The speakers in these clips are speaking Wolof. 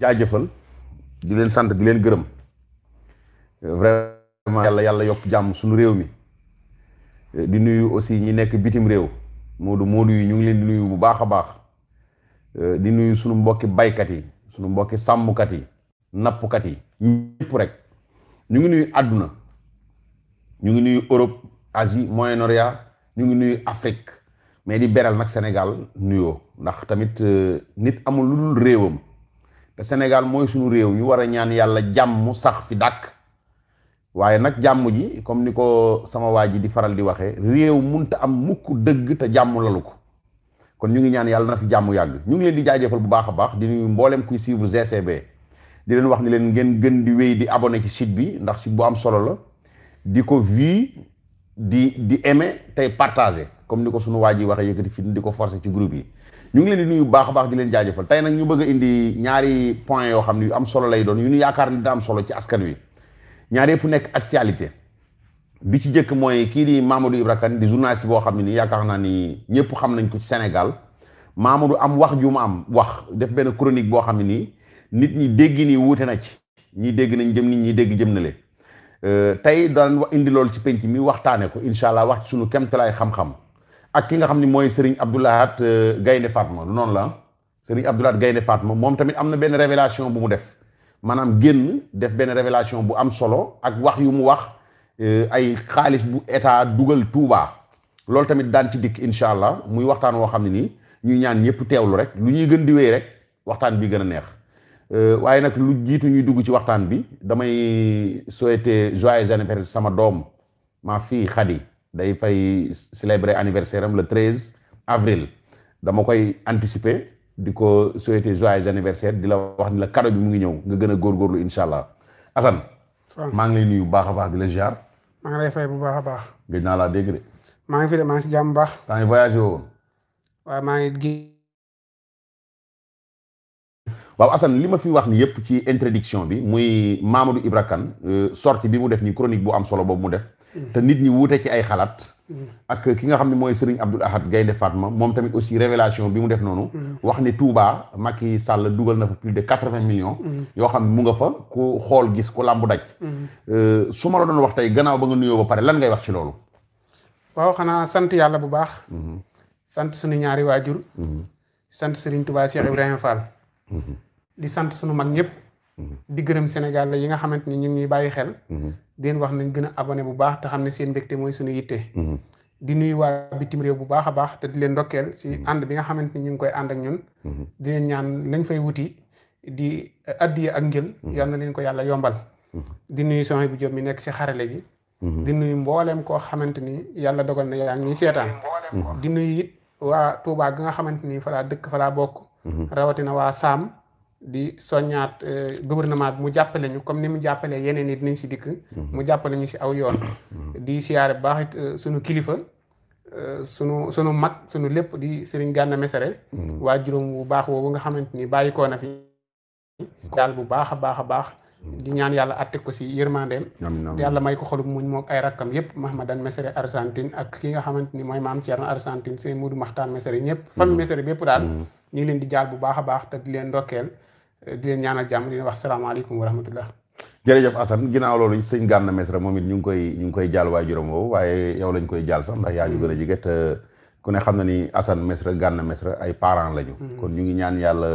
jaajëfal di leen sant di leen gërëm vraiment yàlla yokk jàmm suñu réew mi di nuyu aussi ñi nekk bitim réew moodu moodu yi ñu ngi leen di nuyu bu baax a baax di nuyu suñu mbokki baykat yi suñu mbokki sàmmkat yi nappkat yi ñëpp rek ñu ngi nuyu àdduna ñu ngi nuyu Europe Asie Moyen-Orient ñu ngi nuyu Afrique mais di beral nag Sénégal nuyoo ndax tamit nit amul lu dul réewam te Sénégal mooy suñu réew ñu war a ñaan yàlla jàmm sax fi dàkk waaye nag jàmm ji comme ni ko sama waay ji di faral di waxee réew munta am mukk dëgg te jàmm lalu ko kon ñu ngi ñaan yàlla na fi jàmm yàgg ñu ngi leen di jaajëfal bu baax a baax di nuyu mboolem kuy suivre GCB di leen wax ni leen ngeen gën di wéy di abonné ci site bi ndax site bu am solo la di ko vi di di aimer tey partager comme ni ko suñu waa ji waxee di fi di ko forcer ci groupe yi ñu ngi leen di nuyu baax a baax di leen jaajëfal tey nag ñu bëgg a indi ñaari point yoo xam ne yu am solo lay doon yu nu yaakaar ni dina am solo ci askan wi ñaar yëpp nekk actualité bi ci njëkk mooy kii di Mamadou Ibra Kane di journaliste boo xam ne ni yaakaar naa ni ñëpp xam nañ ko ci Sénégal Mamadou am wax ju mu am wax def benn chronique boo xam ne nii nit ñi dégg nii wuute na ci ñi dégg nañ jëm nit ñi dégg jëm na leen Euh, tey daan indi lool ci penc mi waxtaane ko incha allah wax ci sunu kemtalaay xam-xam ak ki nga xam ni mooy Serigne Abdoulahat euh, Gaynde Fatma lu noonu la Serigne Abdoulahat Gaynde faat Fatma moom tamit am na benn révélation bu mu def maanaam génn def benn révélation bu am solo ak wax yu mu wax euh, ay xaalis bu état dugal Touba loolu tamit daan ci dikk incha allah muy waxtaan woo xam ne nii ñuy ñaan ñëpp teewlu rek lu ñuy gën di wéy rek waxtaan bi gën a neex Euh, waaye nag lu jiitu ñuy dugg ci waxtaan bi damay souhaiter joyeux anniversaire sama doom maa fii Khady day fay célébrer anniversaire am le treize avril dama koy anticiper di ko souhaiter joyeux anniversaire di la wax ni la cadeau bi mu ngi ñëw nga gën a góorgóorlu incha allah Assane. maa ngi lay nuyu bu baax a baax di la ziar. maa ngi lay fay bu baax a baax. gëj naa laa dégg de. maa ngi fi de maa ngi si jàmm baax. temps yii woon. waaw maa ngi waaw Assane li ma fi wax ni yépp ci introduction bi muy Mamadou Ibra Kane euh, sortie bi mu def ni chronique bu am solo boobu mu def mm. te nit ñi wuute ci ay xalaat mm. ak ki nga xam ne mooy Serigne Abdoul Ahad Gaynde ma moom tamit aussi révélation bi mu def noonu mm. wax ni Touba Macky Sall dugal na fa plus de quatre-vingts millions yoo xam ne mu nga fa ku xool gis ku làmbu daj euh, su ma la doon wax tey gannaaw ba nga nuyoo ba pare lan ngay wax ci loolu waaw xanaa sant yàlla bu baax mm-hmm. sant suñu ñaari waajur mm-hmm. sant Serigne Touba di sant sunu mag ñëpp. di gërëm Sénégal la yi nga xamante ni ñu ngi bàyyi xel. di wax nañ gën a abonné bu baax te xam ne seen mbégte mooy sunu yitte. di nuyu waa bitim réew bu baax a baax te di leen ndokkeel si ànd bi nga xamante ni ñu ngi koy ànd ak ñun. di ñaan lañ fay wuti di eh, addiya ak njël. yal na leen ko yàlla yombal. di nuyu soxna bu Diop mi nekk si xarale bi di nuyu mbooleem koo xamante ni yàlla dogal na yaa ngi ñuy seetaan. di nuyu it waa Touba gi nga xamante ni fa laa dëkk fa laa bokk. rawatina waa Saam. di soññaat euh, gouvernement bi mu jàppale ñu comme ni mu jàppalee yeneen nit nañ si dikk. Mhm. mu jàppale ñu si aw yoon. Mhm. di siyaare bu baax it euh, sunu kilifa euh, sunu sunu mag sunu lépp di Serigne Gana Messere. Mhm. waa juróom bu baax boobu nga xamante ni bàyyi koo na fi. daal bu baax a baax a baax. di ñaan yàlla àtte ko si yërmandeem yàlla may ko xolub muñ moog ay rakkam yëpp mahmadan mesere argentine ak ki nga xamante ni mooy maam Thierno argentine seen Modou Maxtaan mesere ñëpp mm. famille mesere bépp daal mm. ñu ngi leen di jaal bu baax a baax te di leen ndokkeel di leen ñaanal jàmm di leen wax salaamaaleykum wa rahmatullah jërëjëf Assane ginnaaw loolu sëñ Gana Mesere moom it ñu ngi koy ñu ngi koy jaal waay juróom woowu waaye yow lañ koy jaal sax ndax yaa ñu mm. a jige te ku na ni Assane Mesere Gana Mesere ay parents lañu ñu ngi ñaan yàlla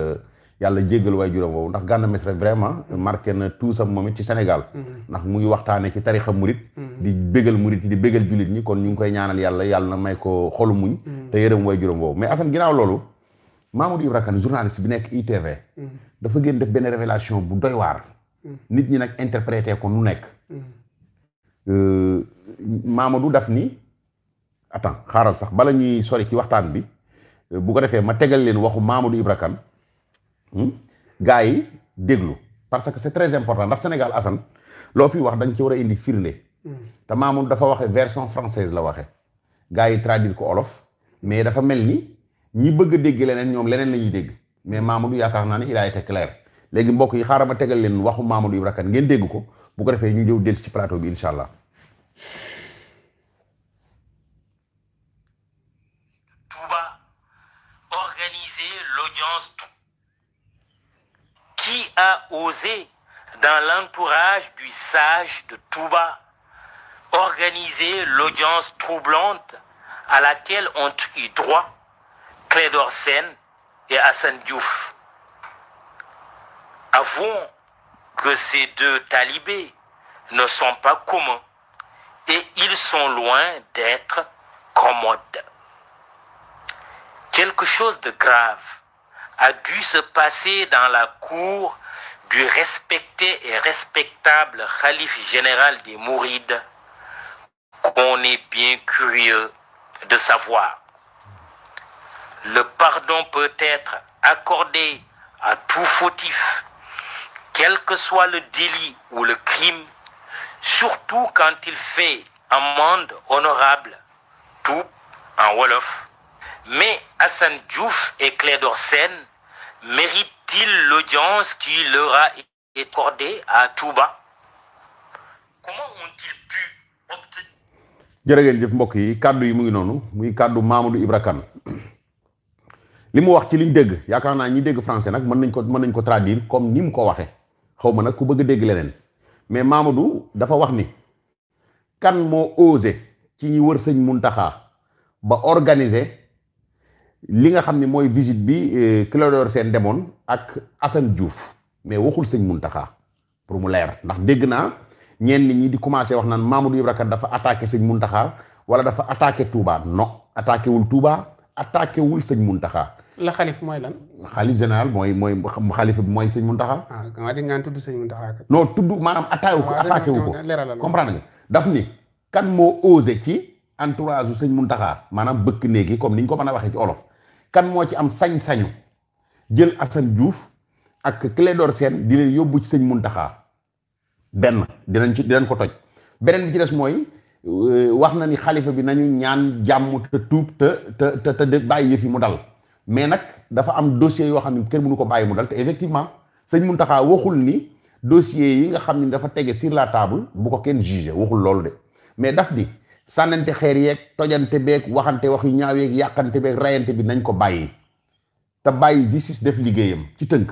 yàlla jéggal waay juróom woowu ndax Gana Messere vraiment marqué na tuusam moom it ci Sénégal mm-hmm. ndax mu ngi waxtaane ci tarixa murit mm-hmm. di bégal murit yi di bégal jullit ñi kon ñu ngi koy ñaanal yàlla yàlla na may ko xolu muñ mm-hmm. te yërëm waay juróom woowu mais Assane ginnaaw loolu Mamadou Ibra Kane journaliste bi nekk ITV dafa gën def benn révélation bu doy waar nit ñi nag interprété ko nu nekk euh, du def ni attends xaaral sax bala ñuy sori ci waxtaan bi bu ko defee ma tegal leen waxu Mamadou Ibra Kane Hmm? gars yi déglu parce que c' est très important ndax Sénégal Assane loo fi wax dañ ci war a indi firnde. Hmm. te Mamour dafa waxe version française la waxe gars yi traduire ko olof mais dafa mel ni ñi bëgg a dégg leneen ñoom leneen la ñuy dégg mais Mamadou yaakaar naa ne il a été clair léegi mbokk yi xaaral ma tegal leen waxu Mamadou Ibra Kane ngeen dégg ko bu ko defee ñu jëw dellu ci plateau bi incha allah. a osé, dans l'entourage du sage de Touba, organiser l'audience troublante à laquelle ont eu droit Clédor Sen et Hassan Diouf. Avouons que ces deux talibés ne sont pas communs et ils sont loin d'être commodes. Quelque chose de grave a dû se passer dans la cour du respecté et respectable calife général des Mourides qu'on est bien curieux de savoir. Le pardon peut être accordé à tout fautif, quel que soit le délit ou le crime, surtout quand il fait amende honorable, tout en Wolof. Mais Hassan Diouf et Clédor Sen Est-il l'audience qui leur a été accordée à jëf mbokk yi kàddu yi mu ngi noonu muy kàddu Mamadou Ibra Kane li mu wax ci liñ dégg yaakaar naa ñi dégg français nag mën nañ ko mën nañ ko traduire comme ni mu ko waxe xaw ma nag ku bëgg dégg leneen mais Mamadou dafa wax ni kan moo osé ci ñi wër sëñ Muntaxa ba organise li nga xam ne mooy visite bi euh, Clédor seen demoon ak Assane Diouf mais waxul sëñ Muntaxa pour mu leer ndax dégg naa ni ñi di commencé wax naan Mamadou Ibra Kane dafa attaqué sëñ Muntaxa wala dafa attaqué Touba non attaqué wul Touba attaqué wul sëñ Muntaxa. la xalif mooy lan. xalif général mooy mooy xalif bi mooy sëñ Muntaxa. ah comment di nga tudd sëñ Muntaxa. non tudd maanaam attaqué wu ko attaqué wu ko comprendre nga daf ni kan moo osé ci entourage su sëñ Muntaxa maanaam bëkk néegi comme ni ñu ko mën a waxe ci olof. kan moo ci am sañ-sañu jël Assane Diouf ak Clédor Sène di leen yóbbu ci sëñ mun taxaa benn dinañ ci dinañ ko toj beneen bi ci des mooy euh, wax na ni xalifa bi nañu ñaan jàmm te tuub te te te te bàyyi yëf yi mu dal mais nag dafa am dossier yoo xam ne kenn mënu ko bàyyi mu dal te effectivement sëñ taxaa waxul ni dossier yi nga xam ne dafa tege sur la table bu ko kenn jugé waxul loolu de mais daf di sànnante xeer yeeg tojante beek waxante wax yu ñaaw yeeg yàqante beeg rayante bi nañ ko bàyyi te bàyyi justice def liggéeyam ci tënk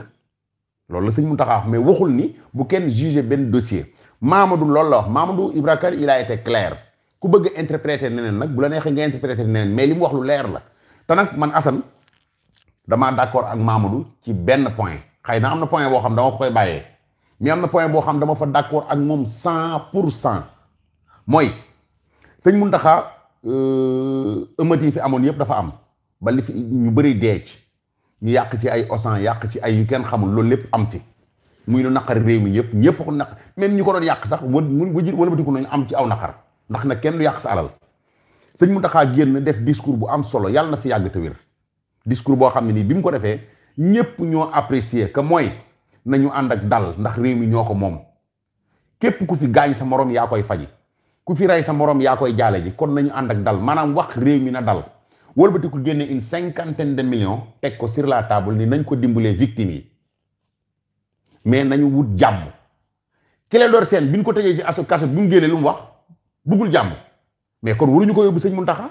loolu la mu Mountakha wax mais waxul ni bu kenn jugé benn dossier Mamadou lool la wax Mamadou Ibra Kane il a été clair ku bëgg interpréter neneen nag bu la neexee nga interpréter neneen mais li mu wax lu leer la te nag man Assane damaa d'accord ak Mamadou ci benn point xëy na am na point boo xam dama ko koy bàyyee mais am na point boo xam dama fa d'accord ak moom cent pour cent mooy. sëñ Muntaxa euh, ëmmat yi fi amoon yëpp dafa am ba li fi ñu bëri dee ñu yàq ci ay osan yàq ci ay yu kenn xamul loolu lépp am fi muy lu naqar réew mi yëpp ñëpp ko naq même ñu ko doon yàq sax wa wajir wala batiku nañu am ci aw naqar ndax nag kenn du yàq sa alal sëñ Muntaxa génn def discours bu am solo yàlla na fi yàgg te wér boo xam ne nii bi mu ko defee ñëpp ñoo apprécier que mooy nañu ànd ak dal ndax réew mi ñoo ko moom képp ku fi gaañ sa moroom yaa koy faji ku fi rey sa moroom yaa koy jaale ji kon nañu ànd ak dal maanaam wax réew mi na dal wëlbati ku génne une cinquante de millions teg ko sur la table ni nañ ko dimbalee victimes yi mais nañu wut jàmm Clédor Sène bi ñu ko tëjee ci asu kaso bi mu génnee lu mu wax buggul jàmm mais kon waruñu ko yóbbu sëñ Muntaxa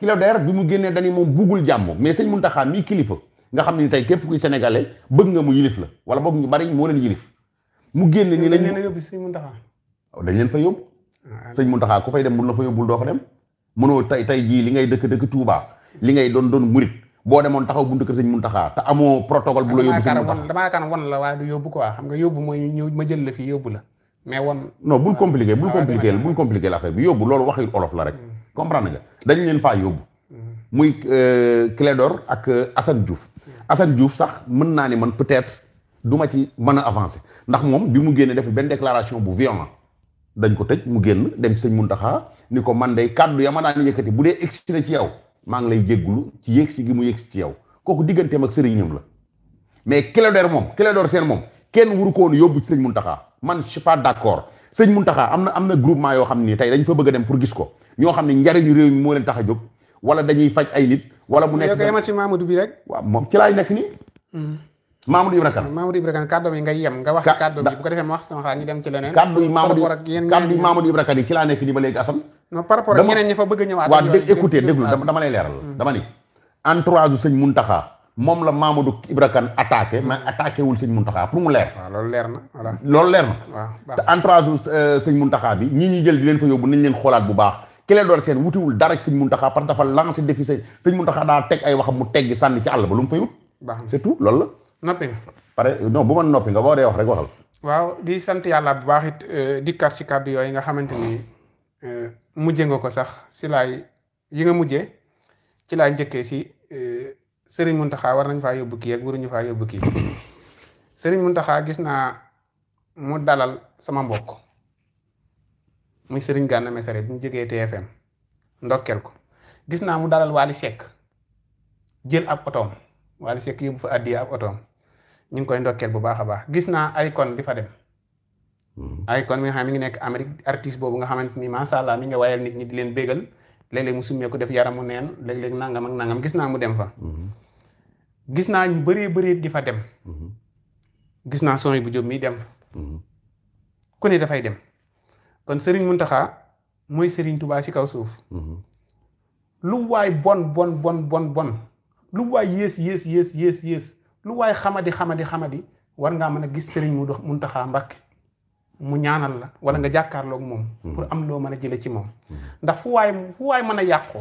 Clédor bi mu génnee dañu moom buggul jàmm mais sëñ Muntaxa mii kilifa nga xam ne tey képp kuy sénégalais bëgg nga mu yilif la wala boog ñu bari moo leen yilif mu génne ni nañ leen yóbbu sëñ Muntaxa dañ leen fa yóbbu sëñ Muntaxa ku fay dem mun la fa yóbbul doo fa dem mënoo tay tay jii li ngay dëkk dëkk Touba li ngay doon doon murit boo demoon taxaw buntu kër sëñ Muntaxa te amoo protocole bu la yóbbu sëñ Muntaxa damaa yaakaar won la waaye du yóbbu quoi xam nga yóbbu mooy ñëw ma jël la fii yóbbu la mais won non bul compliqué bul ah, compliqué bul compliqué l'affaire bi yóbbu loolu waxi olof la rek hmm. comprendre nga dañ leen faa yóbbu hmm. muy euh, door ak euh, Assane Diouf hmm. Assane juuf sax mën naa ne man peut-être du ma ci mën a avancer ndax moom bi mu génnee def benn déclaration bu violent dañ ko tëj mu génn dem sëñ Muntaxa ni ko man day kàddu ya ma daan yëkkati bu dee egsi na ci yow maa ngi lay jéggulu ci yëgsi gi mu yëgsi ci yow kooku digganteem ak sëriñam la mais Clédor moom Clédor seen moom kenn wuru ko woon yóbbu ci sëñ taxa man je suis pas d'accord sëñ taxa am na am na groupement yoo xam ni tey dañ fa bëgg dem pour gis ko ñoo xam ni njariñu réew mi moo leen tax a jóg wala dañuy faj ay nit wala mu nekk. yow kay ma si Mamadou bi rek. waaw moom ci laay nekk nii. Hmm. Mamadou Ibra Kane Mamadou Ibra ngay yem nga wax kàddu bi bu wax sama xalaat ñu dem ci leneen kàddu yi ci laa nekk nii ba léegi Assane non par rapport ak ñi fa bëgg a ñëwaat waaw dégg écoutez dama lay leeral mm. dama ni entourage u sëñ Muntaxa moom la Mamadou Ibra Kane attaqué mais attaqué wul sëñ Muntaxa pour mu leer loolu leer na voilà loolu leer na te entourage u euh, bi ñi ñuy jël di leen fa yóbbu nañ leen xoolaat bu baax Clédor door seen wutiwul dara ci sëñ Muntaxa parce que dafa lancé défi sëñ la noppi nga. pare non noppi nga boo dee wax rek waxal. waaw di sant yàlla bu baax it eh, dikkaat si kàddu yooyu nga xamante ni eh, mujje nga ko sax si laay yi nga mujjee ci laay njëkkee si sëriñ eh, Serigne Mountakha war nañ faa yóbbu kii ak waruñu faa yóbbu kii Serigne Mountakha gis naa mu dalal sama mbokk muy sëriñ Gana Messere bi mu jógee TFM ndokkeel ko gis naa mu dalal Wally Seck jël ab otoom Wally Seck yóbbu fa addi ab otoom. ñu ngi koy ndokkeel bu baax a baax gis naa Akon di fa dem. Akon hmm. mi nga xam mi ngi nekk Amérique artiste boobu nga xamante ni macha allah mi nga wayal nit ñi di leen béggal léeg-léeg mu summeeku def mu neen léeg-léeg nangam ak nangam gis naa mu dem fa. Hmm. gis naa ñu bëree bëree di fa dem. Hmm. gis naa son bu jóg mi dem fa. ku ne dafay dem kon sëriñ Serigne Mountakha muy Serigne Touba si kaw suuf. lu waay bon bon bon bon bon lu waay yées yées yées yées. lu waay xamadi xamadi xamadi war ngaa mën a gis sëriñ mu dox Muntaxa Mbàkke mu ñaanal la wala nga jàkkaarloog moom. Mm-hmm. pour am loo mën a jëlee ci moom. ndax fu waay fu waay mën a yàqoo.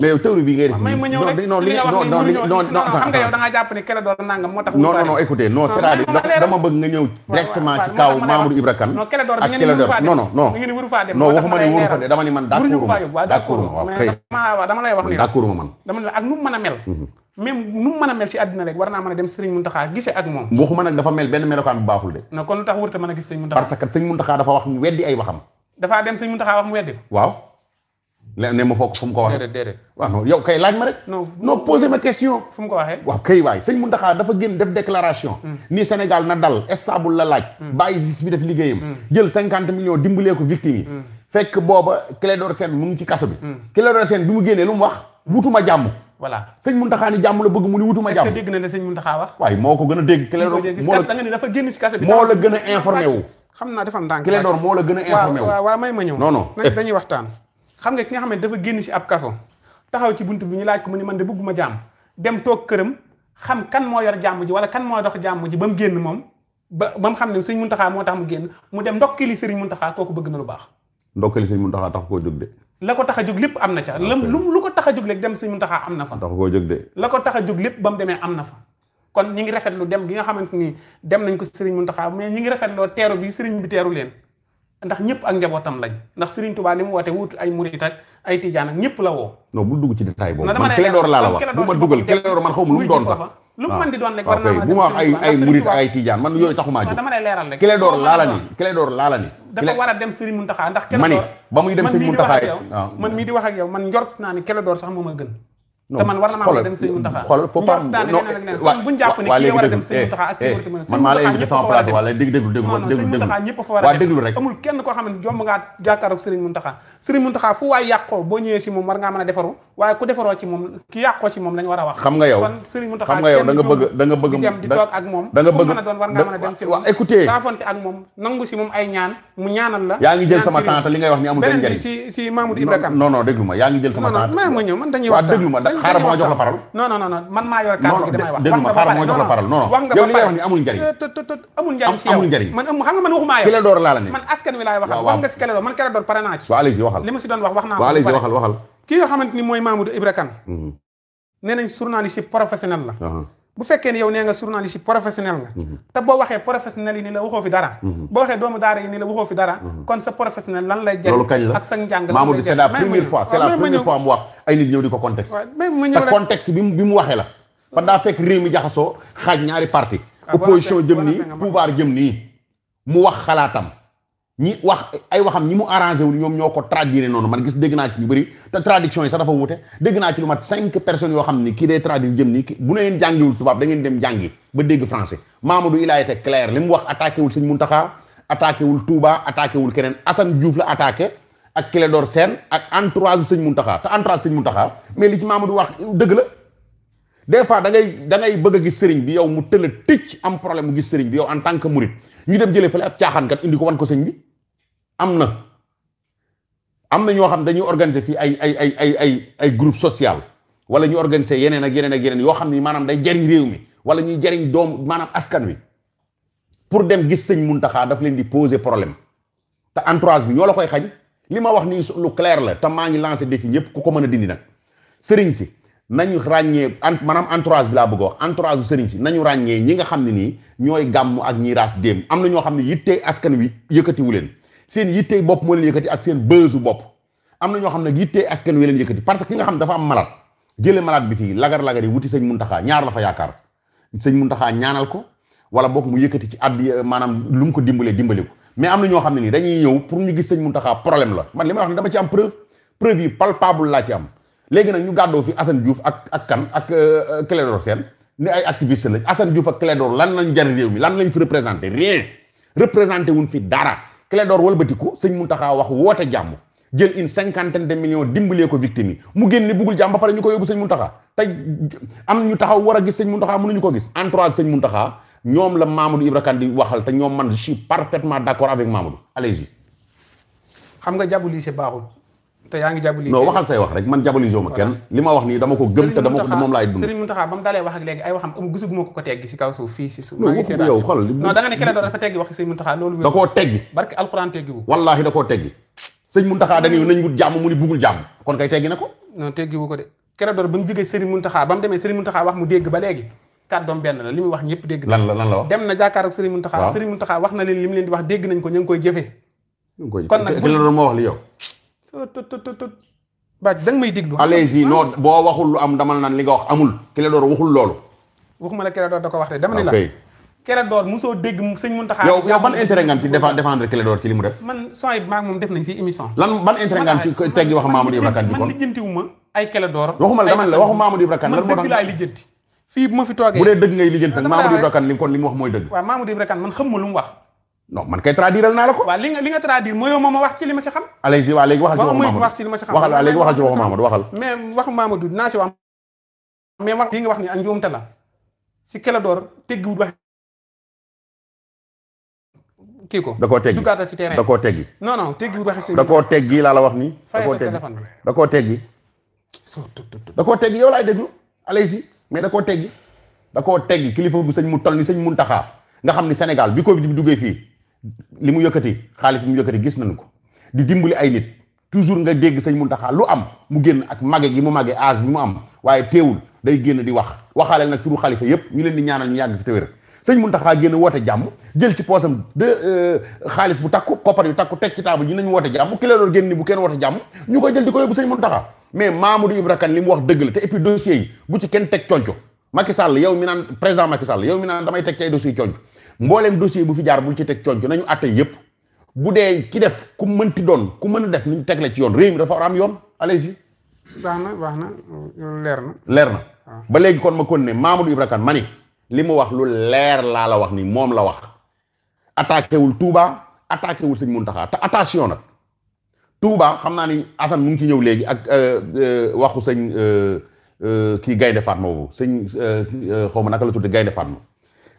bi ngay def may ma ñëw rek li wax moo tax. non non non écoutez non c'est-à-dire dama bëgg nga wax ni la ak nu mu a mel mm-hmm. même nu mu mën a mel si àddina rek war naa mën a dem sëriñ Muntaxa gisee ak moom waxuma nag dafa mel benn melokaan bu baaxul de na kon lu tax wërta mën a gis sëriñ Muntaxa parce que sëriñ Muntaxa dafa ma foog mu ko waxee déedéet déedéet waaw non yow kay laaj ma rek non non posé ko waxee waaw kay waay sëñ Mountakha dafa génn def déclaration hmm. ni Sénégal na dal stable la laaj hmm. bàyyi justice bi def liggéeyam hmm. jël cinquante millions dimbalee ko victime yi fekk booba Clédor Sène mu ngi ci kaso bi Clédor seen bi mu génnee lu mu wax wutuma jàmm voilà sëñ Muntaxa ni jàmm la bëgg mu ni wutuma jàmm est-ce que dégg na ne sëñ Muntaxa moo ko gën a dégg Clédor da nga ni dafa génn si kase moo la gën a informé wu xam naa defal ndànk Clédor moo la gën a informé wu waaw ma ñëw non non dañuy waxtaan xam nga ki nga xam ne dafa génn si ab kaso taxaw ci bunt bi ñu laaj ko mu ni man de bëgguma jàmm dem toog këram xam kan moo yor jàmm ji wala kan moo dox jàmm ji ba mu génn moom ba ba mu xam ne sëñ taxaa moo tax mu génn mu dem ndokkili sëriñ Muntaxa kooku bëgg na lu baax ndokkili sëñ Muntaxa tax koo jóg de la ko tax a jóg lépp am na ca. lu lu ko tax a jóg léegi dem si Muntaxa am na fa. tax koo la ko tax a jóg lépp ba mu demee am na fa. kon ñi ngi rafetlu dem gi nga xamante ni dem nañ ko Serigne Muntaxa mais ñi ngi rafetloo teeru bi Serigne bi teeru leen ndax ñëpp ak njabootam lañ ndax Serigne Touba ni mu wut ay murit ak ay tijaan la woo. non bu dugg ci détail boobu. man Clé d'Or laa la wax bu ma dugal Clé d'Or man xaw ma lu mu doon ah. yooyu taxumaa jóg. dama lay leeral ni Clé d'Or laa ni danga war a dem Serigne Mountakha ndax. Clédor ba muy dem Serigne Muntaxa man mii di wax yow man njort naa ne Clédor sax moo ma gën. non te man war na maa war a dem sëñ Mountakha xoolal a dem sëñ ak kii a man maa lay a fa war a dem rek a defaru waaye ku defaroo ci moom ki yàqoo ci moom lañ war a wax xam nga yow kon bëgg da bëgg di toog ak moom da bëgg a doon war ngaa mën a dem ci waaw écoutez saafonte wax ni non non déglu ma yaa ngi jël sama temps ma ñëw man dañuy wax déglu ma xaaral ma jox la parole non non non man maa yor kàddu gi damay wax dégg ma xaaral ma jox la parole wax ni amul njariñ amul njariñ si yow amul njariñ man xam nga man waxumaa yow Clédor laa la man askan wi waxal wax nga si Clédor man Clédor pare naa ci waaw si waxal kii nga xamante ni mooy Mamadou Ibra Kane mm-hmm. nee nañ journaliste professionnel la uh-huh. bu fekkee ne yow nee nga si professionnel nga mhm. te boo waxee professionnel yi ni la waxoo fi dara mhm. boo waxee doomu daara yi ni la waxoo fi dara mhm. kon sa professionnel lan lay jël ak sa njàng Mamadou c'est la première fois c'est la fois mu wax ay nit ñëw di ko contexte te contexte bi bi mu waxee la parce daa fekk réew mi jaxasoo xaaj ñaari parti ah, opposition jëm nii pouvoir jëm nii mu wax xalaatam ñi wax ay waxam ñi mu arrangé wul ñoom ñoo ko traduire noonu man gis dégg naa ci ñu bëri te traduction yi sax dafa wuute dégg naa ci lu mat cinq personnes yoo xam ni kii day traduire jëm nii bu ne ngeen jàngiwul tubaab da ngeen dem jàngi ba dégg français Mamadou il a été clair li mu wax attaqué wul sëñ Muntaxa attaqué wul Touba attaqué wul keneen Assane Diouf la attaqué ak Clédor Sène ak entourage sëñ Muntaxa te entourage sëñ Muntaxa mais li ci Mamadou wax dëgg la des fois da ngay da ngay bëgg a gis bi yow mu tëla ticc am problème mu gis sëriñ bi yow en tant que murid ñu dem indi ko wan ko sëñ bi am na am na ñoo xam dañuy organiser fii ay ay ay ay ay ay groupe sociale wala ñu organiser yeneen ak yeneen ak yeneen yoo xam ni maanaam day jariñ réew mi wala ñuy jariñ doom maanaam askan wi pour dem gis sëñ mun Muntaxa daf leen di poser problème te entourage bi ñoo la koy xañ li ma wax nii lu clair la te maa ngi lancé défi ñëpp ku ko mën a dindi nag sëriñ si nañu ràññee ent maanaam entourage bi laa bëgg wax entourage bu sëriñ si nañu ràññee ñi nga xam ne nii ñooy gàmm ak ñi raas déem am na ñoo xam ne yitte askan wi yëkkatiwu leen seen yittey bopp moo leen yëkkati ak seen bësu bopp am na ñoo xam ne yittey askan wi leen yëkkati parce que ki nga xam dafa am malade jële malade bi fii lagar-lagar yi wuti sëñ Muntaxa ñaar la fa yaakaar sëñ Muntaxa ñaanal ko wala boog mu yëkkati ci addi maanaam lu mu ko dimbalee dimbali ko mais am na ñoo xam ne nii dañuy ñëw pour ñu gis sëñ Muntaxa problème la man li may wax ne dama ci am preuve preuve yi palpable laa ci am léegi nag ñu gàddoo fi Assane Diouf ak ak kan ak euh, Clédor Sène ni ay activiste lañ Assane Diouf ak Clédor lan lañ jar réew mi lan lañ fi représenté rien représenté wuñ fi dara Clédor wëlbatiku sëñ Muntaxa wax woote jàmm jël une cinquantaine de millions dimbalee ko victime yi mu génn ne buggul jàmm ba pare ñu ko yóbbu sëñ Muntaxa te am ñu taxaw war a gis sëñ Muntaxa mënuñu ko gis entourage sëñ Muntaxa ñoom la Mamadou Ibra Kane di waxal te ñoom man je suis parfaitement d'accord avec Mamadou allez-y xam nga jàpp lii c'est baaxul te yaa ngi diaboliser non waxal say wax rek man diaboliser ma kenn li ma wax nii dama ko gëm te dama ko moom ko teggi si kaw suuf fii si da nga teggi wax Serigne Mountakha loolu da nañ wut jàmm mu ni bugul jàmm kon kay teggi na ko non teggiwu ko de keneen ba mu jógee Serigne Mountakha ba mu demee Serigne Mountakha wax mu dégg ba léegi kàddoom benn la li muy wax ñëpp dégg dégg nañ ko ñu koy jëfe kon nag la doon moo wax li yow baaj da nga may diglu. allez-y non boo waxul lu am damal naan li nga wax amul. Clédor waxul loolu. waxuma la Clédor da ko wax de dama ne la. Clédor am ci li mu def. man son yi moom def nañ fi émission. ban intérêt nga teggi wax Mamadou Ibra Kane ji kon man lijjantiwuma ay lijjanti. fii bu ma fi toogee bu dee dëgg ngay lijjanti nag Mamadou Ibra Kane li mu wax mooy dëgg. waaw Mamadou Ibra man xam ma lu mu wax non man kay traduiral naa la ko. waaw li nga li nga traduire mooy yow ma wax ci li ma si xam. allez-y waaw léegi waxal ci waxu Mamadou wax ci ma si xam. waxal léegi waxal ci waxu mais naa si wax. mais wax li nga wax ni a njuumte si Clédor teggiwul wax. kii ko da koo teggi si terrain da koo teggi. non non teggiwul waxi si. da wax nii. da koo teggi da koo teggi. da koo yow laay déglu allez mais da koo teggi. da koo teggi kilifa bu sëñ mu toll ni sëñ Muntaxa nga xam ni Sénégal bi Covid bi duggee fii li mu yëkkati xaalis bi mu yëkkati gis nañu ko di dimbali ay nit toujours nga dégg sëñ Muntaxa lu am mu génn ak magge gi mu mage âge bi mu am waaye teewul day génn di wax waxaale nag turu xalifa yëpp ñu leen di ñaanal ñu yàgg fi te wér sëñ Muntaxa génn woote jàmm jël ci poosam de euh, xaalis bu takku koppar yu takku teg ci table ñi nañu woote jàmm ki la di ko yóbbu li mu wax dëgg la te et puis dossiers yi bu ci kenn teg conco Macky Sall yow mi naan président Macky Sall yow mi naan damay teg ci ay dossiers conco mbooleem dossier bu fi jaar buñ ci teg conc nañu àtte yépp bu dee ki def ku mënti doon ku mën a def ni ñu teg ci yoon réew mi dafa war a am yoon allez-y. baax na baax na leer na. leer na ah. ba léegi kon ma kon ne Mamadou Ibra Kane ma ni li mu wax lu leer laa la wax ni moom la wax attaqué wul Touba attaqué wul sëñ Mountakha te attention nag Touba xam naa ni Assane mu ngi ci ñëw léegi ak euh, euh, waxu sëñ euh, kii Gaynde Fatma boobu sëñ xaw ma naka la tudde Gaynde Fatma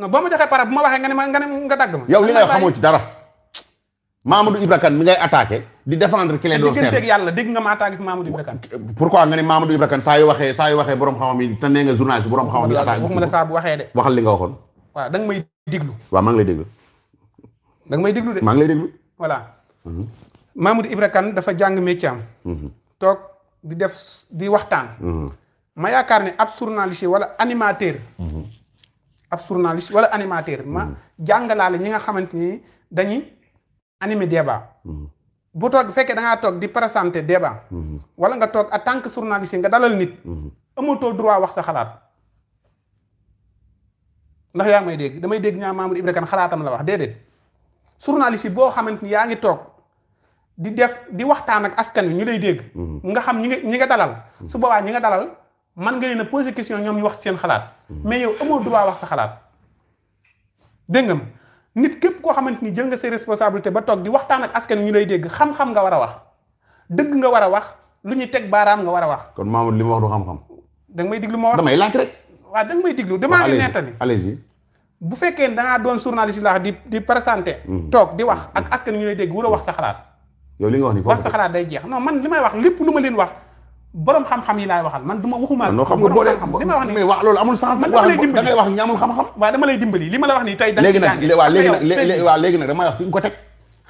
non boo ma joxee para bu ma waxee nga ne ma nga ne nga dagg ma. yow li ngay xamoo ci dara. Mamadou Ibra Kane mi ngay attaqué. di défendre Clédor Sène digganteeg yàlla dégg nga ma attaqué fi Mamadou Ibra Kane. pourquoi nga ne Mamadou Ibra Kane saa yu waxee saa yu waxee borom xam-xam yi te nee nga journaliste borom de. may déglu. waaw maa ngi lay déglu. da nga may déglu mhm. dafa jàng métier am. Mhm. toog di def di waxtaan. Mhm. ma yaakaar ne ab journaliste wala animateur. ab journaliste wala animateur. ma hmm. jàngalaale ñi nga xamante ni dañuy animer débat. Hmm. bu toog bu fekkee da toog di présenter débat. Hmm. wala nga toog en tant que journaliste nga dalal nit. amatoo droit wax sa xalaat. ndax yaa may dégg damay dégg ñaa Mamadou Ibra xalaatam la wax déedéet journaliste yi boo xamante ni yaa ngi toog di def di waxtaan ak askan wi ñu lay dégg. nga xam ñi nga ñi nga dalal. su boobaa ñi nga dalal. man nga leen a question ñoom ñu wax seen xalaat mais yow amoo droit wax sa xalaat dégg nga nit képp koo xamante ni jël nga say responsabilité ba toog di waxtaan ak askan ñu lay dégg xam nga war a wax dëgg war a wax lu ñuy teg baaraam nga war a wax. kon Mamadou li ma wax xam-xam. da nga may diglu ma wax damay laaj rek. waaw da nga may diglu damaa ngi nettali. allez-y bu fekkee da ngaa di di présenté. Mm-hmm. toog di wax ak mm-hmm. askan ñu lay dégg war wax sa xalaat. yow li nga wax ni foofu wax sa xalaat day jeex non man li may wax lépp lu ma leen wax. borom xam-xam yi laay waxal man du ma waxuma. non wax nii mais wax loolu amul sens. man dama lay dimbali da ngay wax ñi amul xam-xam. waaw li ma la wax nii tey. da nga ci jàngee léegi nag waaw léegi nag dama wax fi nga ko teg.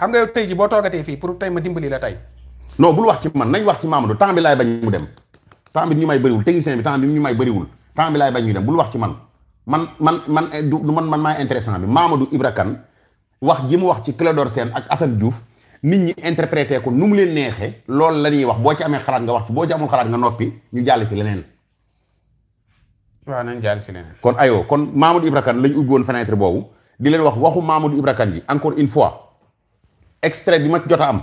xam nga tey ji boo toogatee fii nañ wax ci Mamadou temps bi laay bañ mu dem temps bi ñu may bëriwul technicien may bëriwul temps bi laay bañ ñu dem bul wax ci man man man man man man maa intéressant bi Mamadou Ibra Kane wax ji mu wax ci Clédor seen ak Assane Diouf nit ñi interprété ko nu mu leen neexee loolu la ñuy wax boo ci amee xalaat nga wax ci boo ci amul xalaat nga noppi ñu jàll ci leneen. waaw nañ jàll ci leneen. kon ayoo kon Mamadou Ibra Kane lañ ubbi woon boobu di leen wax waxu Mamadou Ibra Kane bi encore une fois extrait bi ma jot a am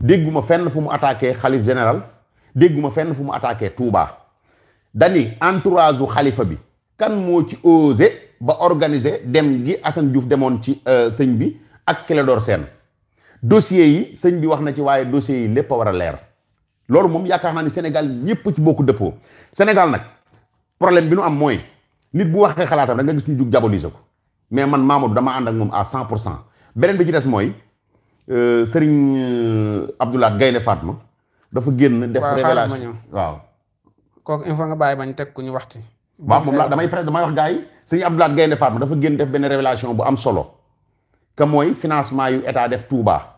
dégguma fenn fu mu attaque xalif général dégguma fenn fu mu attaque Touba. dani entourage u xalifa bi kan moo ci osé ba organiser dem gi Assane Diouf demoon ci euh, sëñ bi ak Clédor Sène dossier yi sëñ bi wax na ci waaye dossier yi lépp a war a leer loolu moom yaakaar naa ni Sénégal ñëpp ci bokku dëppoo Sénégal nag problème bi nu am mooy nit bu waxee xalaatam da nga gis ñu jug diaboliser ko mais man Mamadou dama ànd moom à cent pour cent beneen bi ci des mooy euh, Serigne euh, Abdoulaye Gaynde Fatma dafa génn def révélation waaw kooku il faut nga bàyyi bañ teg ku ñu waxti waaw moom laa damay presse damay wax gars yi Serigne Abdoulaye Gaynde Fatma dafa génn benn révélation bu am solo que mooy financement yu état def Touba